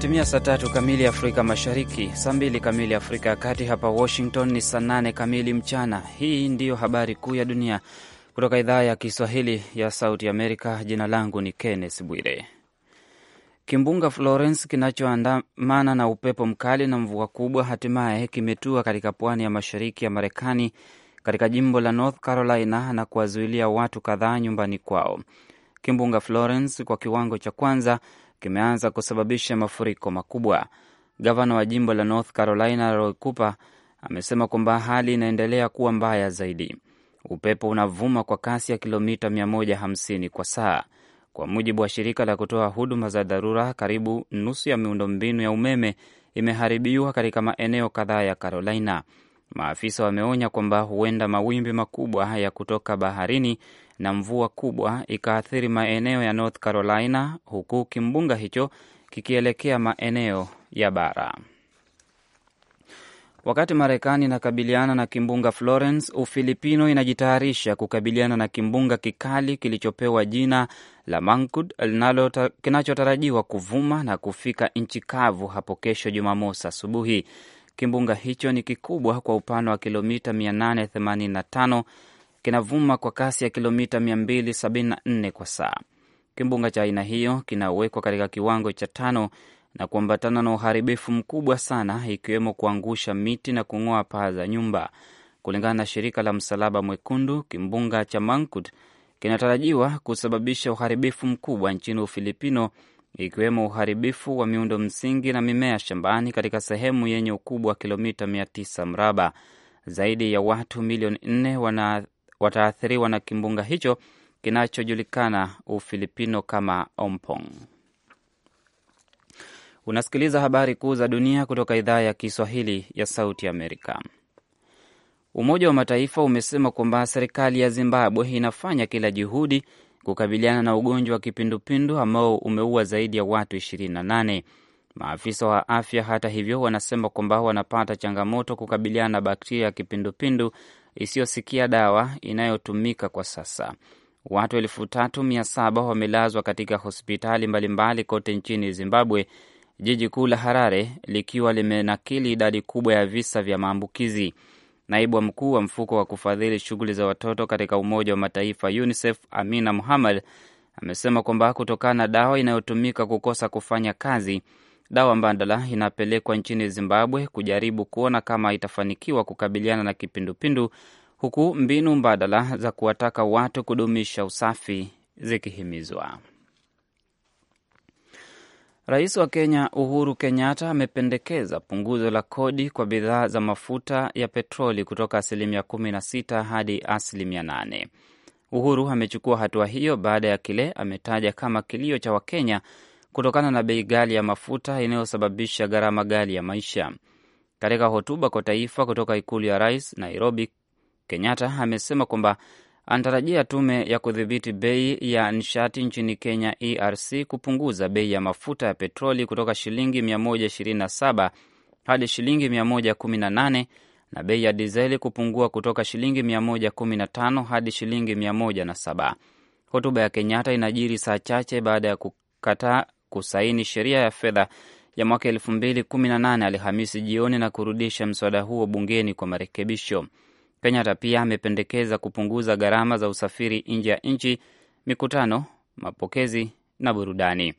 Imetimia saa tatu kamili Afrika Mashariki, saa mbili kamili Afrika ya Kati. Hapa Washington ni saa nane kamili mchana. Hii ndiyo habari kuu ya dunia kutoka idhaa ya Kiswahili ya Sauti Amerika. Jina langu ni Kennes Bwire. Kimbunga Florence kinachoandamana na upepo mkali na mvua kubwa hatimaye kimetua katika pwani ya mashariki ya Marekani katika jimbo la North Carolina na kuwazuilia watu kadhaa nyumbani kwao. Kimbunga Florence kwa kiwango cha kwanza kimeanza kusababisha mafuriko makubwa. Gavana wa jimbo la North Carolina Roy Cooper amesema kwamba hali inaendelea kuwa mbaya zaidi. Upepo unavuma kwa kasi ya kilomita 150 kwa saa. Kwa mujibu wa shirika la kutoa huduma za dharura, karibu nusu ya miundombinu ya umeme imeharibiwa katika maeneo kadhaa ya Carolina. Maafisa wameonya kwamba huenda mawimbi makubwa ya kutoka baharini na mvua kubwa ikaathiri maeneo ya North Carolina, huku kimbunga hicho kikielekea maeneo ya bara. Wakati Marekani inakabiliana na kimbunga Florence, Ufilipino inajitayarisha kukabiliana na kimbunga kikali kilichopewa jina la Mangkhut kinachotarajiwa kuvuma na kufika nchi kavu hapo kesho Jumamosi asubuhi. Kimbunga hicho ni kikubwa kwa upana wa kilomita 885 kinavuma kwa kasi ya kilomita 274 kwa saa. Kimbunga cha aina hiyo kinawekwa katika kiwango cha tano na kuambatana na uharibifu mkubwa sana, ikiwemo kuangusha miti na kung'oa paa za nyumba. Kulingana na shirika la Msalaba Mwekundu, kimbunga cha Mangkhut kinatarajiwa kusababisha uharibifu mkubwa nchini Ufilipino, ikiwemo uharibifu wa miundo msingi na mimea shambani katika sehemu yenye ukubwa wa kilomita 900 mraba. Zaidi ya watu milioni 4 wana wataathiriwa na kimbunga hicho kinachojulikana Ufilipino kama Ompong. Unasikiliza habari kuu za dunia kutoka idhaa ya Kiswahili ya Sauti Amerika. Umoja wa Mataifa umesema kwamba serikali ya Zimbabwe inafanya kila juhudi kukabiliana na ugonjwa wa kipindupindu ambao umeua zaidi ya watu 28. Maafisa wa afya, hata hivyo, wanasema kwamba wanapata changamoto kukabiliana na bakteria ya kipindupindu isiyosikia dawa inayotumika kwa sasa. Watu elfu tatu mia saba wamelazwa katika hospitali mbalimbali kote nchini Zimbabwe, jiji kuu la Harare likiwa limenakili idadi kubwa ya visa vya maambukizi. Naibu wa mkuu wa mfuko wa kufadhili shughuli za watoto katika Umoja wa Mataifa UNICEF Amina Muhammad amesema kwamba kutokana na dawa inayotumika kukosa kufanya kazi, Dawa mbadala inapelekwa nchini Zimbabwe kujaribu kuona kama itafanikiwa kukabiliana na kipindupindu, huku mbinu mbadala za kuwataka watu kudumisha usafi zikihimizwa. Rais wa Kenya Uhuru Kenyatta amependekeza punguzo la kodi kwa bidhaa za mafuta ya petroli kutoka asilimia 16 hadi asilimia 8. Uhuru amechukua hatua hiyo baada ya kile ametaja kama kilio cha Wakenya kutokana na bei ghali ya mafuta inayosababisha gharama ghali ya maisha. Katika hotuba kwa taifa kutoka ikulu ya rais Nairobi, Kenyatta amesema kwamba anatarajia tume ya kudhibiti bei ya nishati nchini Kenya, ERC, kupunguza bei ya mafuta ya petroli kutoka shilingi 127 hadi shilingi 118 na bei ya dizeli kupungua kutoka shilingi 115 hadi shilingi 107. Hotuba ya Kenyatta inajiri saa chache baada ya kukataa kusaini sheria ya fedha ya mwaka elfu mbili kumi na nane Alhamisi jioni na kurudisha mswada huo bungeni kwa marekebisho. Kenyatta pia amependekeza kupunguza gharama za usafiri nje ya nchi, mikutano, mapokezi na burudani.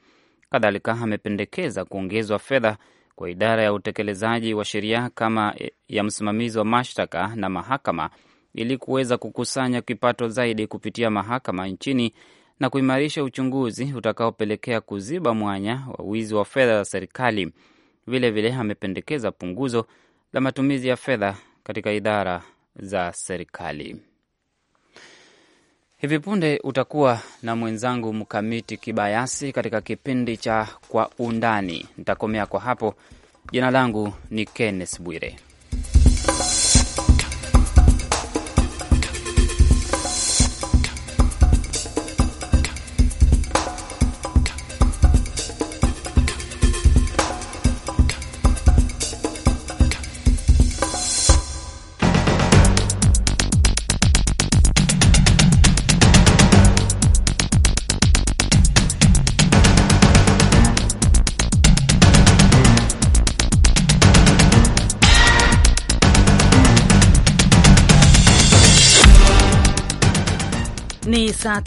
Kadhalika amependekeza kuongezwa fedha kwa idara ya utekelezaji wa sheria kama ya msimamizi wa mashtaka na mahakama ili kuweza kukusanya kipato zaidi kupitia mahakama nchini na kuimarisha uchunguzi utakaopelekea kuziba mwanya wa wizi wa fedha za serikali. Vilevile amependekeza punguzo la matumizi ya fedha katika idara za serikali. Hivi punde utakuwa na mwenzangu Mkamiti Kibayasi katika kipindi cha Kwa Undani. Nitakomea kwa hapo. Jina langu ni Kenneth Bwire.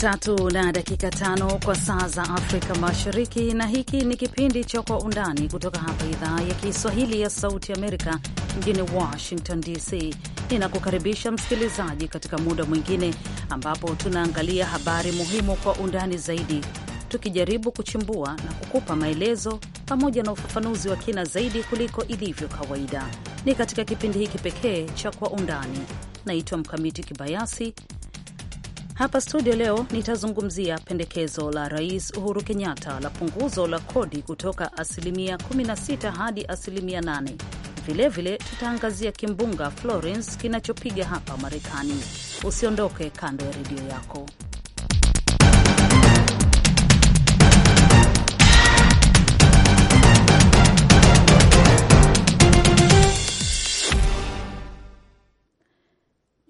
tatu na dakika tano kwa saa za Afrika Mashariki, na hiki ni kipindi cha Kwa Undani kutoka hapa idhaa ya Kiswahili ya Sauti Amerika mjini Washington DC. Ninakukaribisha msikilizaji katika muda mwingine ambapo tunaangalia habari muhimu kwa undani zaidi, tukijaribu kuchimbua na kukupa maelezo pamoja na ufafanuzi wa kina zaidi kuliko ilivyo kawaida. Ni katika kipindi hiki pekee cha Kwa Undani. Naitwa Mkamiti Kibayasi hapa studio leo nitazungumzia pendekezo la Rais Uhuru Kenyatta la punguzo la kodi kutoka asilimia 16 hadi asilimia 8. Vilevile tutaangazia kimbunga Florence kinachopiga hapa Marekani. Usiondoke kando ya redio yako.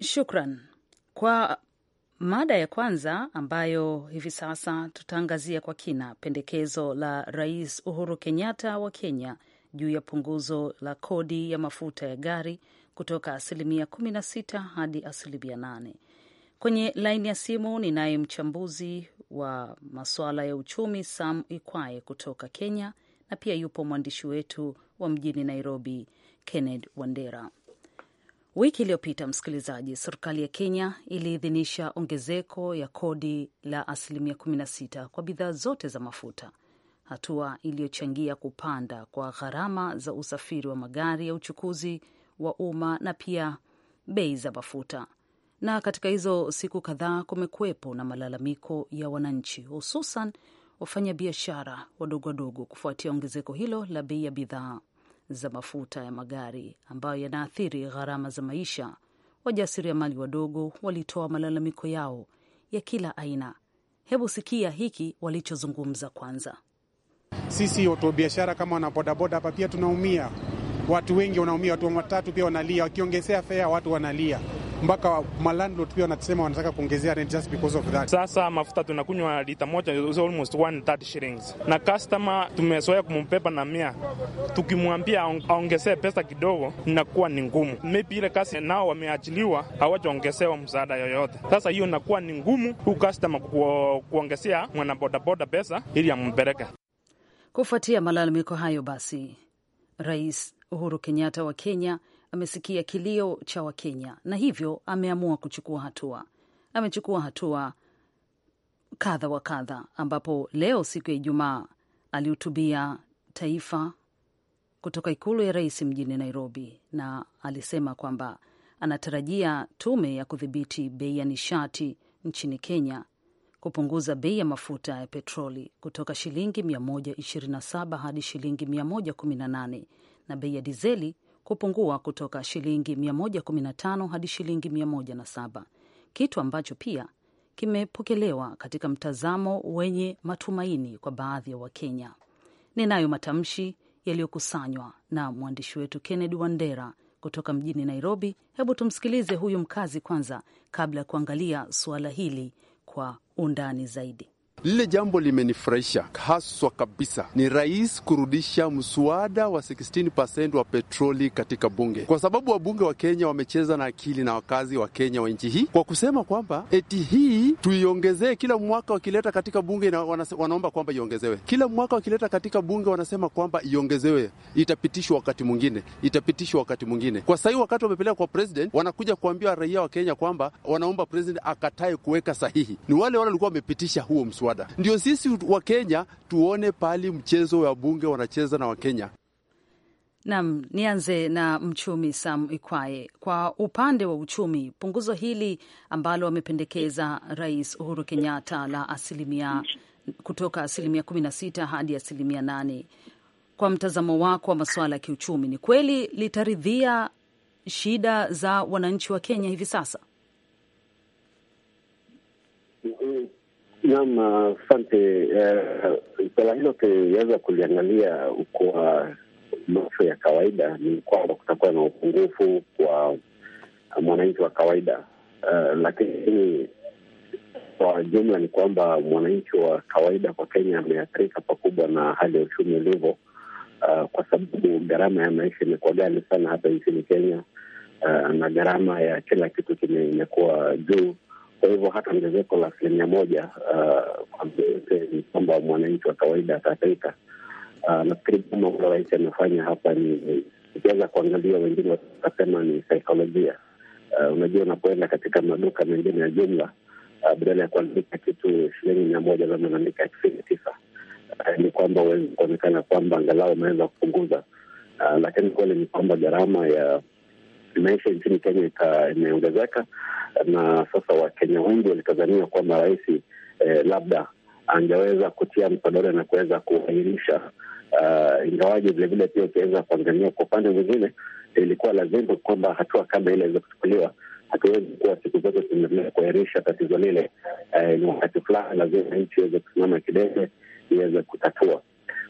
Shukran. Kwa Mada ya kwanza ambayo hivi sasa tutaangazia kwa kina, pendekezo la Rais Uhuru Kenyatta wa Kenya juu ya punguzo la kodi ya mafuta ya gari kutoka asilimia 16 hadi asilimia 8. Kwenye laini ya simu ninaye mchambuzi wa masuala ya uchumi Sam Ikwaye kutoka Kenya, na pia yupo mwandishi wetu wa mjini Nairobi, Kenneth Wandera. Wiki iliyopita, msikilizaji, serikali ya Kenya iliidhinisha ongezeko ya kodi la asilimia 16 kwa bidhaa zote za mafuta, hatua iliyochangia kupanda kwa gharama za usafiri wa magari ya uchukuzi wa umma na pia bei za mafuta. Na katika hizo siku kadhaa kumekuwepo na malalamiko ya wananchi, hususan wafanyabiashara wadogo wadogo, kufuatia ongezeko hilo la bei ya bidhaa za mafuta ya magari ambayo yanaathiri gharama za maisha, wajasiriamali wadogo walitoa malalamiko yao ya kila aina. Hebu sikia hiki walichozungumza kwanza. Sisi watobiashara kama wanabodaboda hapa pia tunaumia, watu wengi wanaumia, watu watatu pia wanalia, wakiongezea fea watu wanalia mpaka malandlord pia wanasema wanataka kuongezea rent just because of that. Sasa mafuta tunakunywa lita moja is almost 130 shillings, na customer tumezoea kumpepa na mia, tukimwambia aongezee pesa kidogo inakuwa ni ngumu. Maybe ile kazi nao wameachiliwa, hawajaongezewa msaada yoyote. Sasa hiyo inakuwa ni ngumu huu customer ku, kuongezea mwanabodaboda pesa ili ampeleke. Kufuatia malalamiko hayo, basi Rais Uhuru Kenyatta wa Kenya amesikia kilio cha Wakenya na hivyo ameamua kuchukua hatua. Amechukua hatua kadha wa kadha, ambapo leo siku ya Ijumaa alihutubia taifa kutoka ikulu ya rais mjini Nairobi, na alisema kwamba anatarajia tume ya kudhibiti bei ya nishati nchini Kenya kupunguza bei ya mafuta ya petroli kutoka shilingi 127 hadi shilingi 118 na bei ya dizeli kupungua kutoka shilingi 115 hadi shilingi 107, kitu ambacho pia kimepokelewa katika mtazamo wenye matumaini kwa baadhi ya Wakenya. Ninayo matamshi yaliyokusanywa na mwandishi wetu Kennedy Wandera kutoka mjini Nairobi. Hebu tumsikilize huyu mkazi kwanza kabla ya kuangalia suala hili kwa undani zaidi. Lile jambo limenifurahisha haswa kabisa ni rais kurudisha mswada wa 16% wa petroli katika bunge, kwa sababu wabunge wa Kenya wamecheza na akili na wakazi wa Kenya wa nchi hii kwa kusema kwamba eti hii tuiongezee kila mwaka, wakileta katika bunge na wanaomba kwamba iongezewe kila mwaka, wakileta katika bunge wanasema kwamba iongezewe, itapitishwa wakati mwingine, itapitishwa wakati mwingine. Kwa sahii wakati wamepeleka kwa president, wanakuja kuambia raia wa Kenya kwamba wanaomba president akatae kuweka sahihi. Ni wale wale walikuwa wamepitisha huo mswada mswada, ndio sisi wa kenya tuone pali mchezo wa bunge wanacheza na Wakenya. Nam, nianze na mchumi Sam Ikwaye. Kwa upande wa uchumi, punguzo hili ambalo amependekeza Rais Uhuru Kenyatta la asilimia kutoka asilimia kumi na sita hadi asilimia nane, kwa mtazamo wako wa masuala ya kiuchumi, ni kweli litaridhia shida za wananchi wa Kenya hivi sasa? Naam, asante. Eh, suala hilo tuliweza kuliangalia kwa macho ya kawaida, ni kwamba kutakuwa na upungufu kwa mwananchi wa kawaida uh, lakini kwa jumla ni kwamba mwananchi wa kawaida kwa Kenya ameathirika pakubwa na hali ya uchumi ulivyo uh, kwa sababu gharama ya maisha imekuwa ghali sana hapa nchini Kenya, uh, na gharama ya kila kitu kimekuwa juu kwa hivyo hata ongezeko la asilimia moja uh, ni kwamba mwananchi wa kawaida atataika. Uh, nafikiri kama ule rais amefanya hapa ni ukiweza kuangalia, wengine watasema ni saikolojia. Uh, unajua, unapoenda katika maduka mengine ya jumla, badala ya kuandika kitu shilingi mia moja labda unaandika tisini tisa ni kwamba uweze kuonekana kwamba angalau umeweza kupunguza, lakini kweli ni kwamba gharama ya maisha nchini Kenya imeongezeka, na sasa Wakenya wengi walitazamia kwamba rais eh, labda angeweza kutia msodore na kuweza kuahirisha uh, eh, ingawaji vilevile pia ukiweza kuangania kwa upande mwingine, ilikuwa lazima kwamba hatua kama ile iweze kuchukuliwa. Hatuwezi kuwa siku zote tunaendelea kuahirisha tatizo lile. Eh, ni wakati fulani lazima nchi iweze kusimama kidege iweze kutatua.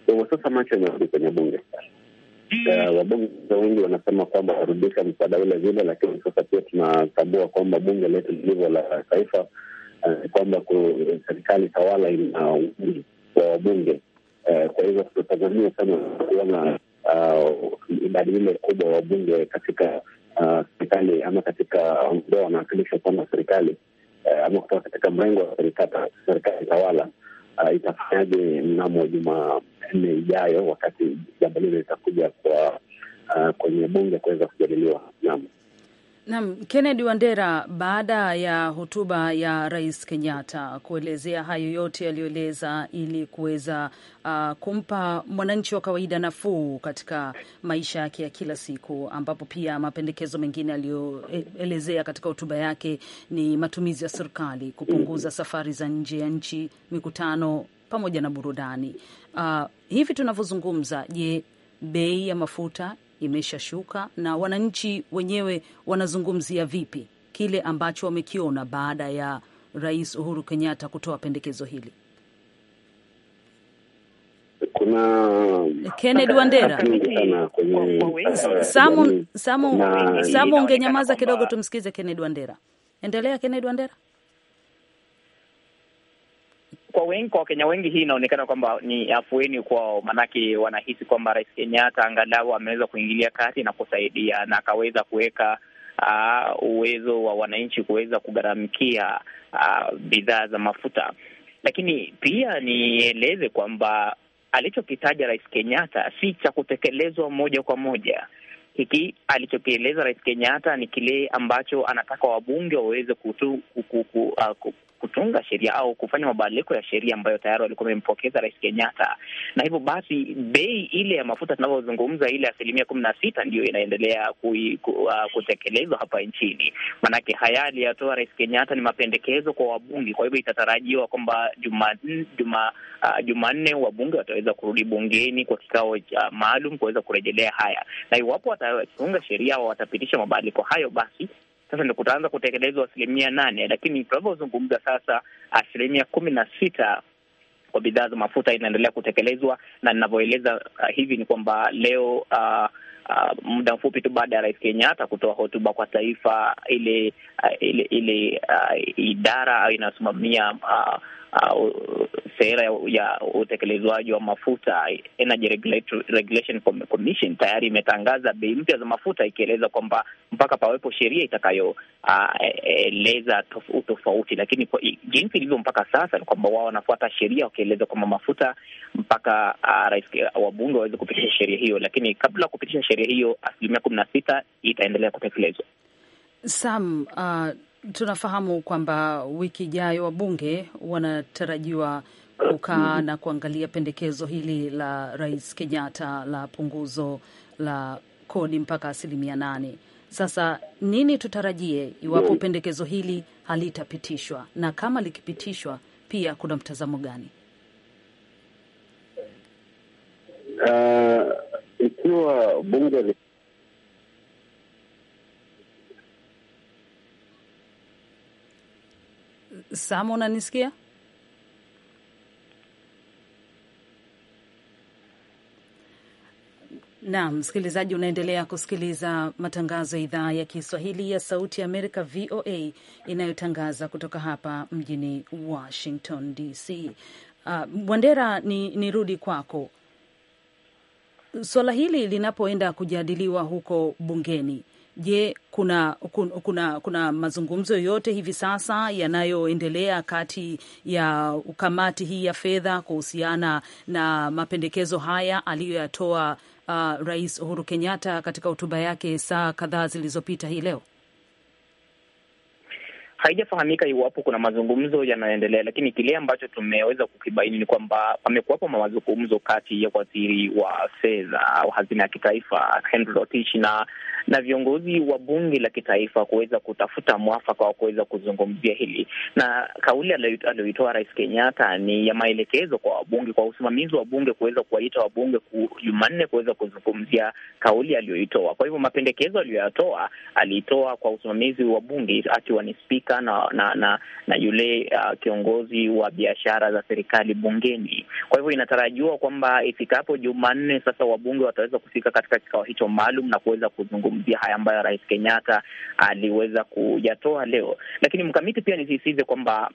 Kwa hivyo sasa macho yanarudi kwenye bunge. Eh, wabunge wengi wanasema kwamba warudisha msaada ule vile, lakini sasa pia tunatambua kwamba bunge letu lilivyo la taifa ni eh, kwamba serikali tawala ina wingi wa wabunge. Eh, kwa hivyo tunatazamia sana kuona idadi ile kubwa wabunge katika serikali ama katika ambao wanawakilisha kwamba serikali ama kutoka katika mrengo wa serikali tawala uh, itafanyaje mnamo Jumanne ijayo, wakati jambo lile litakuja kwa uh, kwenye bunge kuweza kujadiliwa. Naam. Naam, Kennedy Wandera, baada ya hotuba ya Rais Kenyatta kuelezea hayo yote yaliyoeleza ili kuweza uh, kumpa mwananchi wa kawaida nafuu katika maisha yake ya kila siku, ambapo pia mapendekezo mengine aliyoelezea katika hotuba yake ni matumizi ya serikali kupunguza safari za nje ya nchi, mikutano pamoja na burudani. Uh, hivi tunavyozungumza, je, bei ya mafuta imeshashuka na wananchi wenyewe wanazungumzia vipi kile ambacho wamekiona baada ya Rais Uhuru Kenyatta kutoa pendekezo hili? Kuna Kennedy Wandera, Samu ungenyamaza kidogo tumsikize Kennedy Wandera. Endelea Kennedy Wandera kwa wengi, kwa Wakenya wengi hii inaonekana kwamba ni afueni kwao, maanake wanahisi kwamba Rais Kenyatta angalau ameweza kuingilia kati na kusaidia na akaweza kuweka uh, uwezo wa wananchi kuweza kugharamikia uh, bidhaa za mafuta. Lakini pia nieleze kwamba alichokitaja Rais Kenyatta si cha kutekelezwa moja kwa moja. Hiki alichokieleza Rais Kenyatta ni kile ambacho anataka wabunge waweze kutu, kuku, kuku, uh, kutunga sheria au kufanya mabadiliko ya sheria ambayo tayari walikuwa wamempokeza Rais Kenyatta, na hivyo basi bei ile ya mafuta tunavyozungumza, ile asilimia kumi na sita ndiyo inaendelea ku, uh, kutekelezwa hapa nchini. Maanake haya aliyotoa Rais Kenyatta ni mapendekezo kwa wabunge, kwa hivyo itatarajiwa kwamba Jumanne juma, uh, Jumanne wabunge wataweza kurudi bungeni kwa kikao cha maalum kuweza kurejelea haya, na iwapo watatunga sheria au watapitisha mabadiliko hayo, basi sasa ndio kutaanza kutekelezwa asilimia nane, lakini tunavyozungumza sasa asilimia kumi na sita kwa bidhaa za mafuta inaendelea kutekelezwa, na ninavyoeleza uh, hivi ni kwamba leo uh, Uh, muda mfupi tu baada ya Rais Kenyatta kutoa hotuba kwa taifa, ile uh, ile, ile uh, idara inayosimamia uh, uh, sera ya utekelezwaji wa mafuta Energy Regulation Commission tayari imetangaza bei mpya za mafuta ikieleza kwamba mpaka pawepo sheria itakayoeleza e, uh, tofauti, lakini kwa, jinsi ilivyo mpaka sasa ni kwamba wao wanafuata sheria wakieleza kwamba mafuta mpaka uh, rais wabunge waweze kupitisha sheria hiyo, lakini kabla kupitisha sheria hiyo asilimia kumi na sita itaendelea kutekelezwa. Sam, uh, tunafahamu kwamba wiki ijayo wabunge wanatarajiwa kukaa na kuangalia pendekezo hili la Rais Kenyatta la punguzo la kodi mpaka asilimia nane. Sasa nini tutarajie iwapo mm. pendekezo hili halitapitishwa, na kama likipitishwa pia kuna mtazamo gani? Uh, ikiwa bunge Sama, unanisikia? Naam, msikilizaji, unaendelea kusikiliza matangazo ya idhaa ya Kiswahili ya Sauti ya Amerika, VOA, inayotangaza kutoka hapa mjini Washington DC. Uh, ah, Wandera, ni nirudi kwako. Suala hili linapoenda kujadiliwa huko bungeni, Je, kuna, kuna, kuna, mazungumzo yoyote hivi sasa yanayoendelea kati ya kamati hii ya fedha kuhusiana na mapendekezo haya aliyoyatoa uh, Rais Uhuru Kenyatta katika hotuba yake saa kadhaa zilizopita hii leo? haijafahamika iwapo kuna mazungumzo yanayoendelea, lakini kile ambacho tumeweza kukibaini ni kwamba pamekuwapo mazungumzo kati ya waziri wa fedha au hazina ya kitaifa Henry Rotich na na viongozi wa bunge la kitaifa kuweza kutafuta mwafaka wa kuweza kuzungumzia hili, na kauli aliyoitoa Rais Kenyatta ni ya maelekezo kwa wabunge, kwa usimamizi wa bunge kuweza kuwaita wabunge Jumanne kuweza kuzungumzia kauli aliyoitoa. Kwa hivyo mapendekezo aliyoyatoa aliitoa kwa usimamizi wa bunge akiwa ni spika Kenyatta na na, na, na yule uh, kiongozi wa biashara za serikali bungeni. Kwa hivyo inatarajiwa kwamba ifikapo Jumanne sasa wabunge wataweza kufika katika kikao hicho maalum na kuweza kuzungumzia haya ambayo Rais Kenyatta aliweza kuyatoa leo, lakini mkamiti pia nisisitize kwamba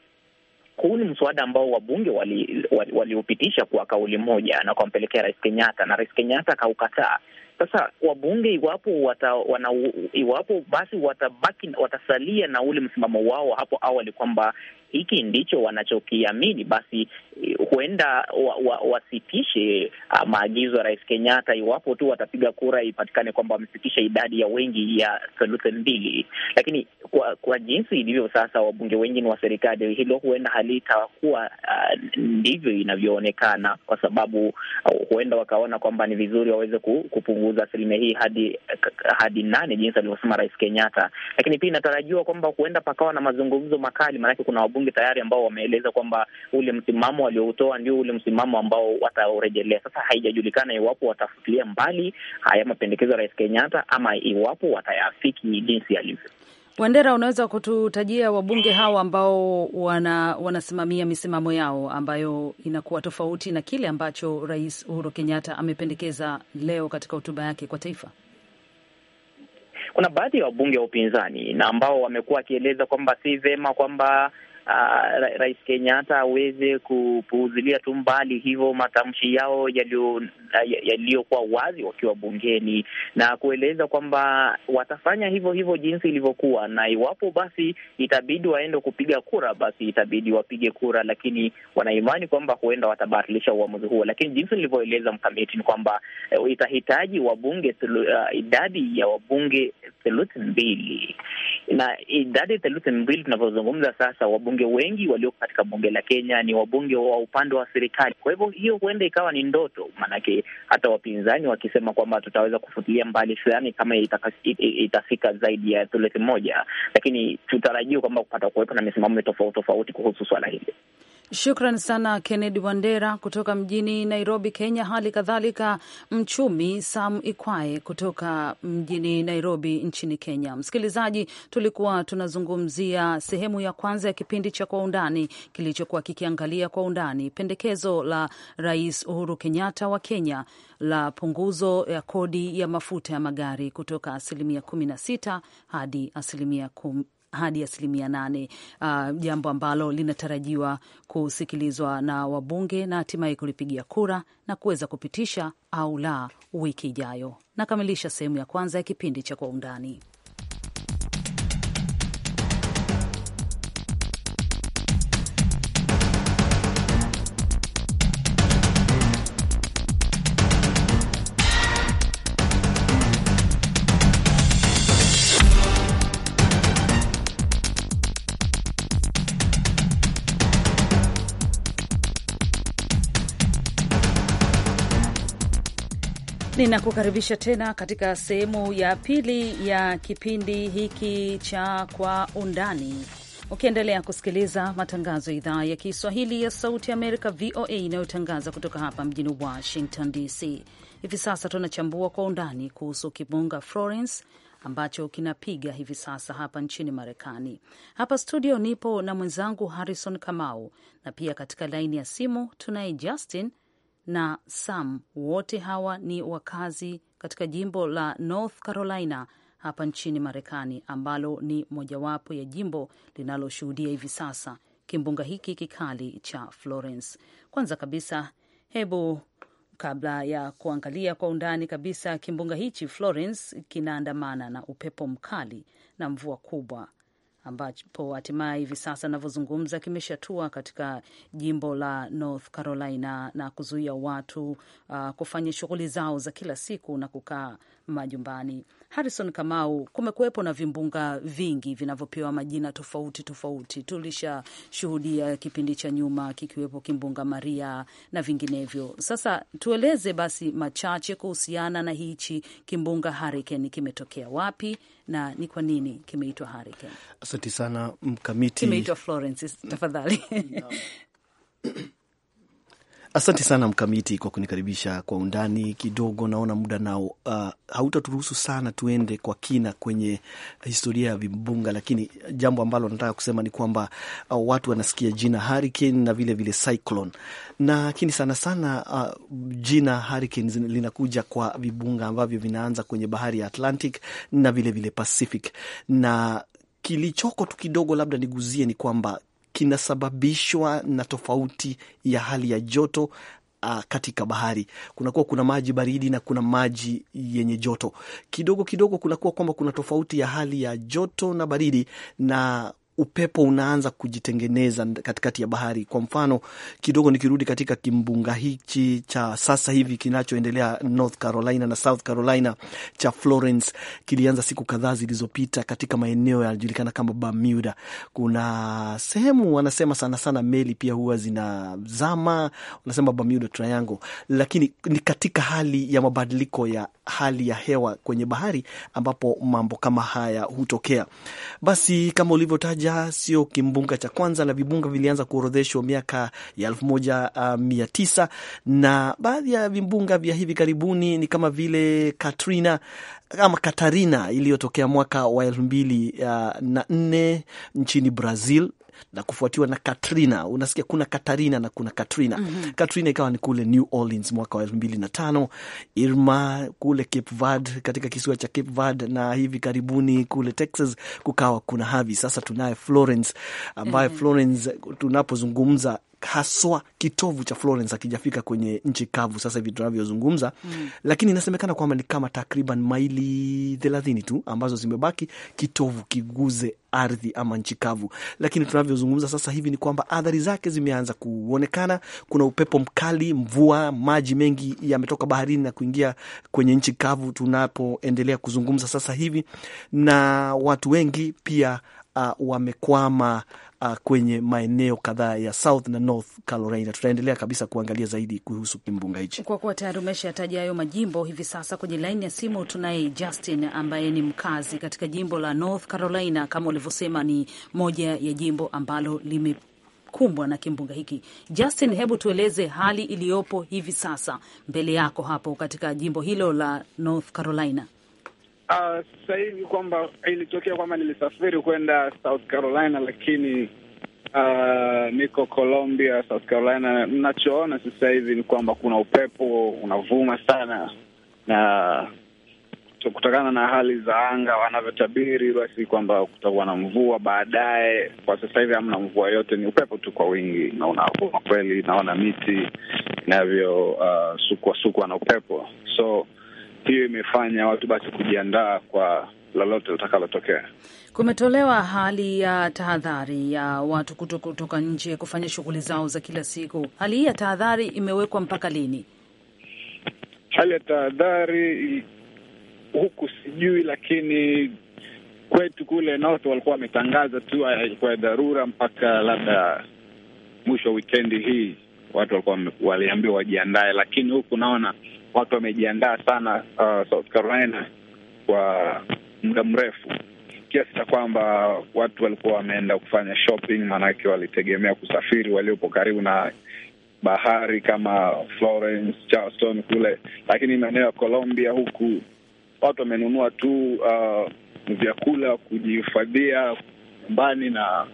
huu ni mswada ambao wabunge waliupitisha wali, wali kwa kauli moja na kumpelekea Rais Kenyatta na Rais Kenyatta akaukataa. Sasa wabunge iwapo wata, wana, iwapo basi watabaki watasalia na ule msimamo wao hapo awali kwamba hiki ndicho wanachokiamini, basi eh, huenda wasitishe wa, wa ah, maagizo ya Rais Kenyatta iwapo tu watapiga kura ipatikane kwamba wamesitisha idadi ya wengi ya theluthi mbili. Lakini kwa, kwa jinsi ilivyo sasa, wabunge wengi ni wa serikali, hilo huenda halitakuwa uh, ndivyo inavyoonekana, kwa sababu uh, huenda wakaona kwamba ni vizuri waweze kupunguza asilimia hii hadi eh, hadi nane jinsi alivyosema Rais Kenyatta. Lakini pia inatarajiwa kwamba huenda pakawa na mazungumzo makali, maanake kuna wabunge wabunge tayari ambao wameeleza kwamba ule msimamo walioutoa ndio ule msimamo ambao wataurejelea. Sasa haijajulikana iwapo watafutilia mbali haya mapendekezo ya Rais Kenyatta ama iwapo watayafiki jinsi yalivyo. Wandera, unaweza kututajia wabunge hawa ambao wana, wanasimamia misimamo yao ambayo inakuwa tofauti na kile ambacho Rais Uhuru Kenyatta amependekeza leo katika hotuba yake kwa taifa? Kuna baadhi ya wabunge wa upinzani na ambao wamekuwa wakieleza kwamba si vema kwamba uh, Rais Kenyatta aweze kupuuzilia tu mbali hivyo matamshi yao yaliyokuwa uh, wazi wakiwa bungeni na kueleza kwamba watafanya hivyo hivyo jinsi ilivyokuwa, na iwapo basi itabidi waende kupiga kura, basi itabidi wapige kura, lakini wanaimani kwamba huenda watabatilisha uamuzi huo. Lakini jinsi nilivyoeleza mkamiti ni kwamba uh, itahitaji wabunge thulu, uh, ah, idadi ya wabunge theluthi mbili na idadi theluthi mbili tunavyozungumza sasa wabunge wabunge wengi walioko katika bunge la Kenya ni wabunge wa upande wa serikali. Kwa hivyo hiyo huenda ikawa ni ndoto, maanake hata wapinzani wakisema kwamba tutaweza kufutilia mbali fulani kama itaka, itafika zaidi ya thuluthi moja, lakini tutarajia kwamba kupata kuwepo na misimamo tofauti tofauti kuhusu swala hili. Shukran sana Kennedy Wandera kutoka mjini Nairobi, Kenya, hali kadhalika mchumi Sam Ikwae kutoka mjini Nairobi nchini Kenya. Msikilizaji, tulikuwa tunazungumzia sehemu ya kwanza ya kipindi cha Kwa Undani kilichokuwa kikiangalia kwa undani pendekezo la Rais Uhuru Kenyatta wa Kenya la punguzo ya kodi ya mafuta ya magari kutoka asilimia 16 hadi asilimia hadi asilimia nane, uh, jambo ambalo linatarajiwa kusikilizwa na wabunge na hatimaye kulipigia kura na kuweza kupitisha au la wiki ijayo. Nakamilisha sehemu ya kwanza ya kipindi cha Kwa Undani. Ninakukaribisha tena katika sehemu ya pili ya kipindi hiki cha Kwa Undani, ukiendelea kusikiliza matangazo ya idhaa ya Kiswahili ya Sauti ya Amerika, VOA, inayotangaza kutoka hapa mjini Washington DC. Hivi sasa tunachambua kwa undani kuhusu kimbunga Florence ambacho kinapiga hivi sasa hapa nchini Marekani. Hapa studio nipo na mwenzangu Harrison Kamau, na pia katika laini ya simu tunaye Justin na Sam, wote hawa ni wakazi katika jimbo la North Carolina hapa nchini Marekani, ambalo ni mojawapo ya jimbo linaloshuhudia hivi sasa kimbunga hiki kikali cha Florence. Kwanza kabisa, hebu kabla ya kuangalia kwa undani kabisa kimbunga hichi Florence, kinaandamana na upepo mkali na mvua kubwa ambapo hatimaye hivi sasa anavyozungumza kimeshatua katika jimbo la North Carolina na kuzuia watu uh, kufanya shughuli zao za kila siku na kukaa majumbani. Harrison Kamau, kumekuwepo na vimbunga vingi vinavyopewa majina tofauti tofauti. Tulishashuhudia kipindi cha nyuma kikiwepo kimbunga Maria na vinginevyo. Sasa tueleze basi machache kuhusiana na hichi kimbunga Hurricane, kimetokea wapi na ni kwa nini kimeitwa Hurricane? Asante sana Mkamiti. Kimeitwa Florence, tafadhali. Asante sana Mkamiti kwa kunikaribisha kwa undani kidogo. Naona muda nao uh, hautaturuhusu sana tuende kwa kina kwenye historia ya vimbunga, lakini jambo ambalo nataka kusema ni kwamba uh, watu wanasikia jina hurricane na vilevile vile cyclone, lakini sana sana uh, jina hurricane linakuja kwa vibunga ambavyo vinaanza kwenye bahari ya Atlantic na vilevile vile Pacific na kilichoko tu kidogo labda niguzie ni kwamba kinasababishwa na tofauti ya hali ya joto uh, katika bahari kunakuwa kuna maji baridi na kuna maji yenye joto kidogo kidogo, kunakuwa kwamba kuna tofauti ya hali ya joto na baridi, na upepo unaanza kujitengeneza katikati ya bahari. Kwa mfano kidogo, nikirudi katika kimbunga hichi cha sasa hivi kinachoendelea North Carolina na South Carolina cha Florence, kilianza siku kadhaa zilizopita katika maeneo yanajulikana kama Bermuda. Kuna sehemu wanasema sana sana meli pia huwa zinazama, wanasema Bermuda Triangle, lakini ni katika hali ya mabadiliko ya hali ya hewa kwenye bahari ambapo mambo kama haya hutokea. Basi kama ulivyotaja moja sio kimbunga cha kwanza, na vimbunga vilianza kuorodheshwa miaka ya elfu moja uh, mia tisa na baadhi ya vimbunga vya hivi karibuni ni kama vile Katrina ama Katarina iliyotokea mwaka wa elfu mbili uh, na nne nchini Brazil na kufuatiwa na Katrina. Unasikia kuna Katarina na kuna Katrina. mm -hmm. Katrina ikawa ni kule New Orleans mwaka wa elfu mbili na tano, Irma kule Cape Verde, katika kisiwa cha Cape Verde, na hivi karibuni kule Texas kukawa kuna Harvey. Sasa tunaye Florence ambaye, mm -hmm. Florence tunapozungumza haswa kitovu cha Florence akijafika kwenye nchi kavu sasa hivi tunavyozungumza mm. Lakini inasemekana kwamba ni kama takriban maili thelathini tu ambazo zimebaki kitovu kiguze ardhi ama nchi kavu, lakini tunavyozungumza sasa hivi ni kwamba athari zake zimeanza kuonekana. Kuna upepo mkali, mvua, maji mengi yametoka baharini na kuingia kwenye nchi kavu tunapoendelea kuzungumza sasa hivi, na watu wengi pia uh, wamekwama uh, kwenye maeneo kadhaa ya South na North Carolina. Tutaendelea kabisa kuangalia zaidi kuhusu kimbunga hichi. Kwa kuwa tayari umeshataja hayo majimbo, hivi sasa kwenye laini ya simu tunaye Justin ambaye ni mkazi katika jimbo la North Carolina. Kama ulivyosema, ni moja ya jimbo ambalo lime kumbwa na kimbunga hiki. Justin, hebu tueleze hali iliyopo hivi sasa mbele yako hapo katika jimbo hilo la North Carolina. Ah, sasa hivi kwamba ilitokea kwamba nilisafiri kwenda South Carolina, lakini uh, niko Colombia, South Carolina. Mnachoona sasa hivi ni kwamba kuna upepo unavuma sana, na kutokana na hali za anga wanavyotabiri, basi kwamba kutakuwa na mvua baadaye. Kwa sasa hivi hamna mvua yote, ni upepo tu kwa wingi na unavuma kweli. Naona miti inavyosukwa uh, sukwa na upepo so hiyo imefanya watu basi kujiandaa kwa lolote litakalotokea. Kumetolewa hali ya tahadhari ya watu kutoka nje kufanya shughuli zao za kila siku. Hali hii ya tahadhari imewekwa mpaka lini? Hali ya tahadhari huku sijui, lakini kwetu kule Noto walikuwa wametangaza tu ilikuwa ya dharura mpaka labda mwisho wa wikendi hii, watu walikuwa waliambiwa wajiandae, lakini huku naona watu wamejiandaa sana uh, South Carolina kwa muda mrefu kiasi cha kwamba watu walikuwa wameenda kufanya shopping, maanake walitegemea kusafiri waliopo karibu na bahari kama Florence, Charleston kule, lakini maeneo ya Colombia huku watu wamenunua tu uh, vyakula kujihifadhia nyumbani na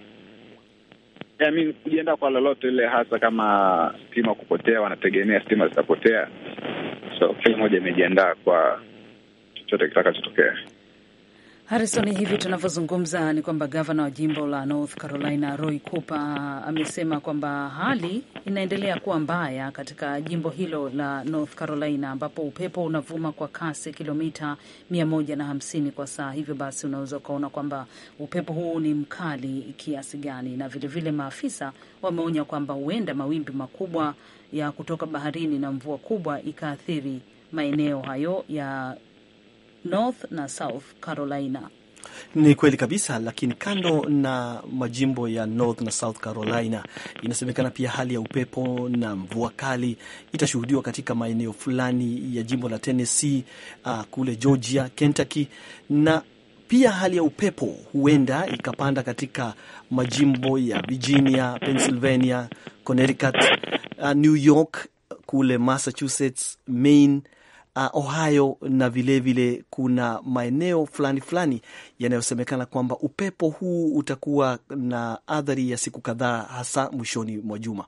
I mean, kujienda kwa lolote ile, hasa kama stima kupotea, wanategemea stima zitapotea. So kila mmoja amejiandaa kwa chochote kitakachotokea. Harrison, hivi tunavyozungumza ni kwamba gavana wa jimbo la North Carolina Roy Cooper amesema kwamba hali inaendelea kuwa mbaya katika jimbo hilo la North Carolina, ambapo upepo unavuma kwa kasi kilomita 150 kwa saa. Hivyo basi unaweza ukaona kwamba upepo huu ni mkali kiasi gani, na vilevile vile maafisa wameonya kwamba huenda mawimbi makubwa ya kutoka baharini na mvua kubwa ikaathiri maeneo hayo ya North na South Carolina. Ni kweli kabisa, lakini kando na majimbo ya North na South Carolina, inasemekana pia hali ya upepo na mvua kali itashuhudiwa katika maeneo fulani ya jimbo la Tennessee, uh, kule Georgia, Kentucky na pia hali ya upepo huenda ikapanda katika majimbo ya Virginia, Pennsylvania, Connecticut, uh, New York, kule Massachusetts, Maine, uh, Ohio na vilevile vile kuna maeneo fulani fulani yanayosemekana kwamba upepo huu utakuwa na athari ya siku kadhaa, hasa mwishoni mwa juma.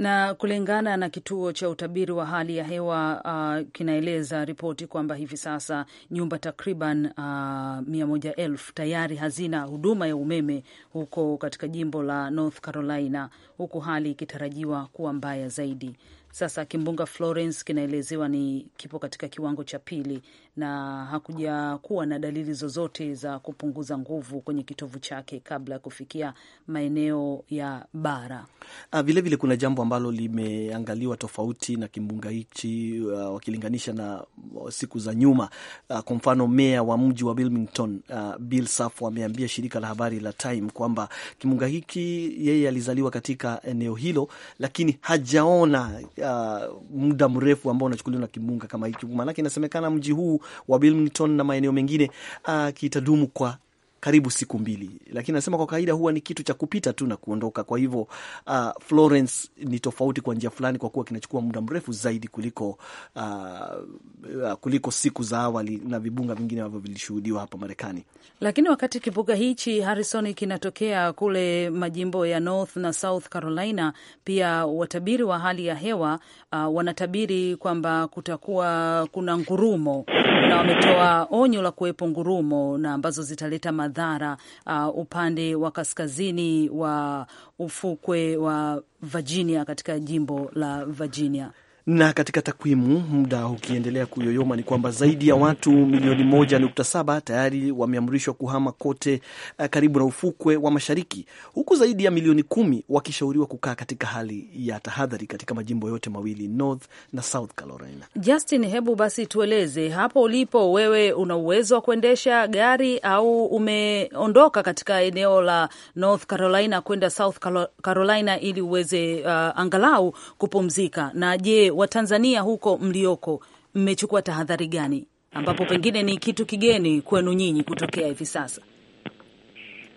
Na kulingana na kituo cha utabiri wa hali ya hewa uh, kinaeleza ripoti kwamba hivi sasa nyumba takriban uh, mia moja elfu tayari hazina huduma ya umeme huko katika jimbo la North Carolina, huku hali ikitarajiwa kuwa mbaya zaidi. Sasa kimbunga Florence kinaelezewa ni kipo katika kiwango cha pili na hakuja kuwa na dalili zozote za kupunguza nguvu kwenye kitovu chake kabla ya kufikia maeneo ya bara. Vilevile ah, vile kuna jambo ambalo limeangaliwa tofauti na kimbunga hichi uh, wakilinganisha na ah, siku za nyuma uh, kwa mfano meya wa mji wa Wilmington uh, Bill saf ameambia shirika la habari la Time kwamba kimbunga hiki yeye alizaliwa katika eneo hilo, lakini hajaona uh, muda mrefu ambao unachukuliwa na kimbunga kama hiki, maanake inasemekana mji huu wa Wilmington na maeneo mengine uh, kitadumu kwa karibu siku mbili, lakini anasema kwa kawaida huwa ni kitu cha kupita tu na kuondoka. Kwa hivyo uh, Florence ni tofauti kwa njia fulani, kwa kuwa kinachukua muda mrefu zaidi kuliko uh, uh kuliko siku za awali na vibunga vingine ambavyo vilishuhudiwa hapa Marekani. Lakini wakati kibuga hichi Harrison kinatokea kule majimbo ya North na South Carolina, pia watabiri wa hali ya hewa uh, wanatabiri kwamba kutakuwa kuna ngurumo na wametoa onyo la kuwepo ngurumo na ambazo zitaleta madhara uh, upande wa kaskazini wa ufukwe wa Virginia katika jimbo la Virginia. Na katika takwimu, muda ukiendelea kuyoyoma, ni kwamba zaidi ya watu milioni moja nukta saba tayari wameamrishwa kuhama kote eh, karibu na ufukwe wa mashariki, huku zaidi ya milioni kumi wakishauriwa kukaa katika hali ya tahadhari katika majimbo yote mawili, North na South Carolina. Justin, hebu basi tueleze hapo ulipo wewe, una uwezo wa kuendesha gari au umeondoka katika eneo la North Carolina kwenda South Carolina ili uweze uh, angalau kupumzika? Na je Watanzania huko mlioko mmechukua tahadhari gani, ambapo pengine ni kitu kigeni kwenu nyinyi kutokea hivi sasa?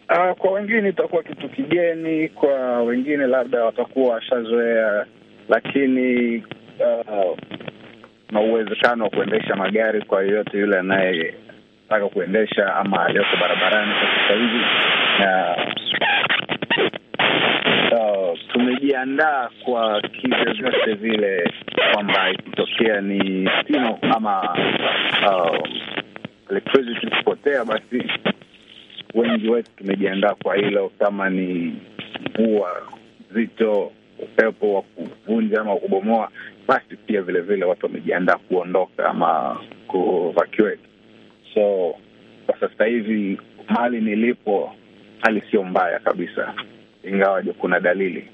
Uh, kwa wengine itakuwa kitu kigeni, kwa wengine labda watakuwa washazoea, lakini uh, na uwezekano wa kuendesha magari kwa yoyote yule anayetaka kuendesha ama aliyoko barabarani kwa sasa hivi, na tumejiandaa kwa kivyovyote vile kwamba ikitokea ni stima ama uh, electricity kupotea, basi wengi wetu tumejiandaa kwa hilo, kama ni mvua zito upepo wa kuvunja ama kubomoa, basi pia vilevile watu wamejiandaa kuondoka ama kuevacuate. So kwa sasa hivi mahali nilipo, hali sio mbaya kabisa, ingawaje kuna dalili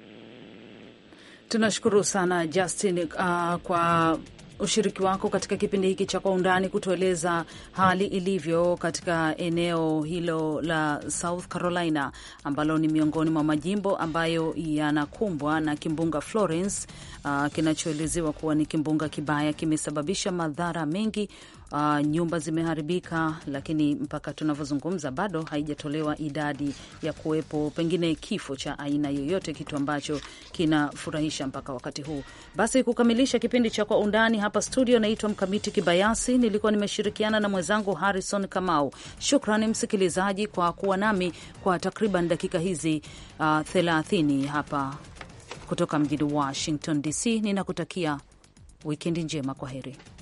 Tunashukuru sana Justin uh, kwa ushiriki wako katika kipindi hiki cha Kwa Undani, kutueleza hali ilivyo katika eneo hilo la South Carolina ambalo ni miongoni mwa majimbo ambayo yanakumbwa na kimbunga Florence, uh, kinachoelezewa kuwa ni kimbunga kibaya, kimesababisha madhara mengi uh, nyumba zimeharibika, lakini mpaka tunavyozungumza bado haijatolewa idadi ya kuwepo pengine kifo cha aina yoyote, kitu ambacho kinafurahisha mpaka wakati huu. Basi kukamilisha kipindi cha Kwa Undani hapa studio, naitwa Mkamiti Kibayasi, nilikuwa nimeshirikiana na mwenzangu Harrison Kamau. Shukrani msikilizaji kwa kuwa nami kwa takriban dakika hizi uh, ah, 30 hapa kutoka mjini Washington DC. Ninakutakia wikendi njema. Kwa heri.